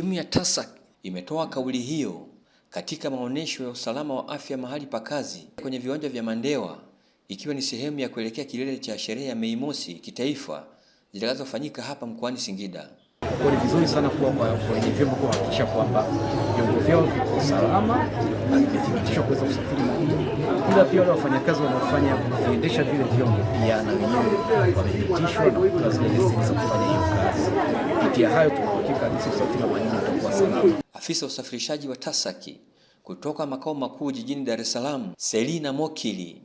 Timu ya TASAC imetoa kauli hiyo katika maonyesho ya usalama wa afya mahali pa kazi kwenye viwanja vya Mandewa, ikiwa ni sehemu ya kuelekea kilele cha sherehe ya Mei Mosi kitaifa zitakazofanyika hapa mkoani Singida. Ni vizuri sana kuwa kwenye vyombo kuhakikisha kwamba vyombo vyao viko salama na vimethibitishwa kuweza kusafiri majini, ila pia wale wafanyakazi wanaofanya kuendesha vile vyombo pia na wenyewe wamethibitishwa na kupewa zile leseni za kufanya hiyo kazi. Kupitia hayo tunahakika kabisa usafiri afisa usafirishaji wa Tasaki kutoka makao makuu jijini Dar es Salaam, Selina Mokili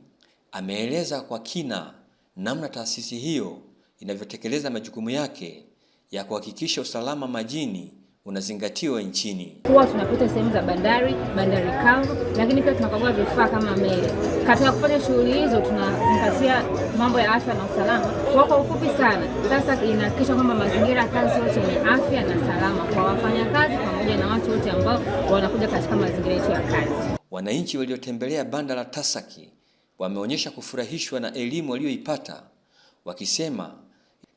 ameeleza kwa kina namna taasisi hiyo inavyotekeleza majukumu yake ya kuhakikisha usalama majini unazingatiwa nchini. Huwa tunapita sehemu za bandari, bandari kavu, lakini pia tunakagua vifaa kama meli. Katika kufanya shughuli hizo, tunazingatia mambo ya afya na usalama kwa kwa ufupi sana. Sasa inahakikisha kwamba mazingira ya kazi yote ni afya na salama kwa wafanyakazi pamoja na watu wote ambao wanakuja katika mazingira yetu ya kazi. Wananchi waliotembelea banda la Tasaki wameonyesha kufurahishwa na elimu waliyoipata, wakisema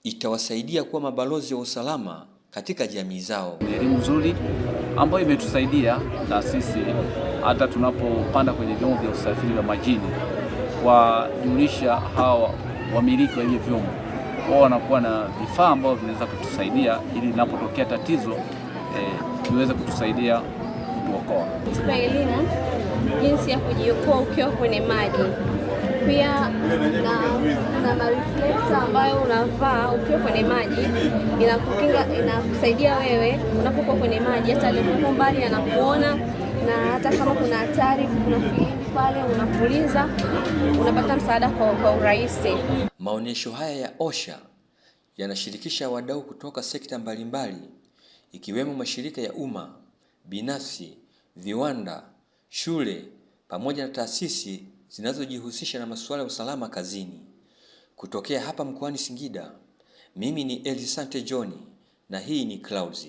itawasaidia kuwa mabalozi wa usalama katika jamii zao. Ni elimu nzuri ambayo imetusaidia na sisi hata tunapopanda kwenye vyombo vya usafiri wa majini, kuwajulisha hawa wamiliki wa hivyo vyombo, wao wanakuwa na vifaa ambavyo vinaweza kutusaidia ili linapotokea tatizo viweze eh, kutusaidia kutuokoa. Tuna elimu jinsi ya kujiokoa ukiwa kwenye maji pia na, na mareflekta ambayo unavaa ukiwa kwenye maji, inakukinga inakusaidia wewe unapokuwa kwenye maji, hata aliyekuwa mbali anakuona, na hata kama kuna hatari, kuna filimbi pale unapuliza, unapata msaada kwa, kwa urahisi. Maonyesho haya ya OSHA yanashirikisha wadau kutoka sekta mbalimbali ikiwemo mashirika ya umma, binafsi, viwanda, shule pamoja na taasisi zinazojihusisha na masuala ya usalama kazini. Kutokea hapa mkoani Singida, mimi ni Elisante John na hii ni Clouds.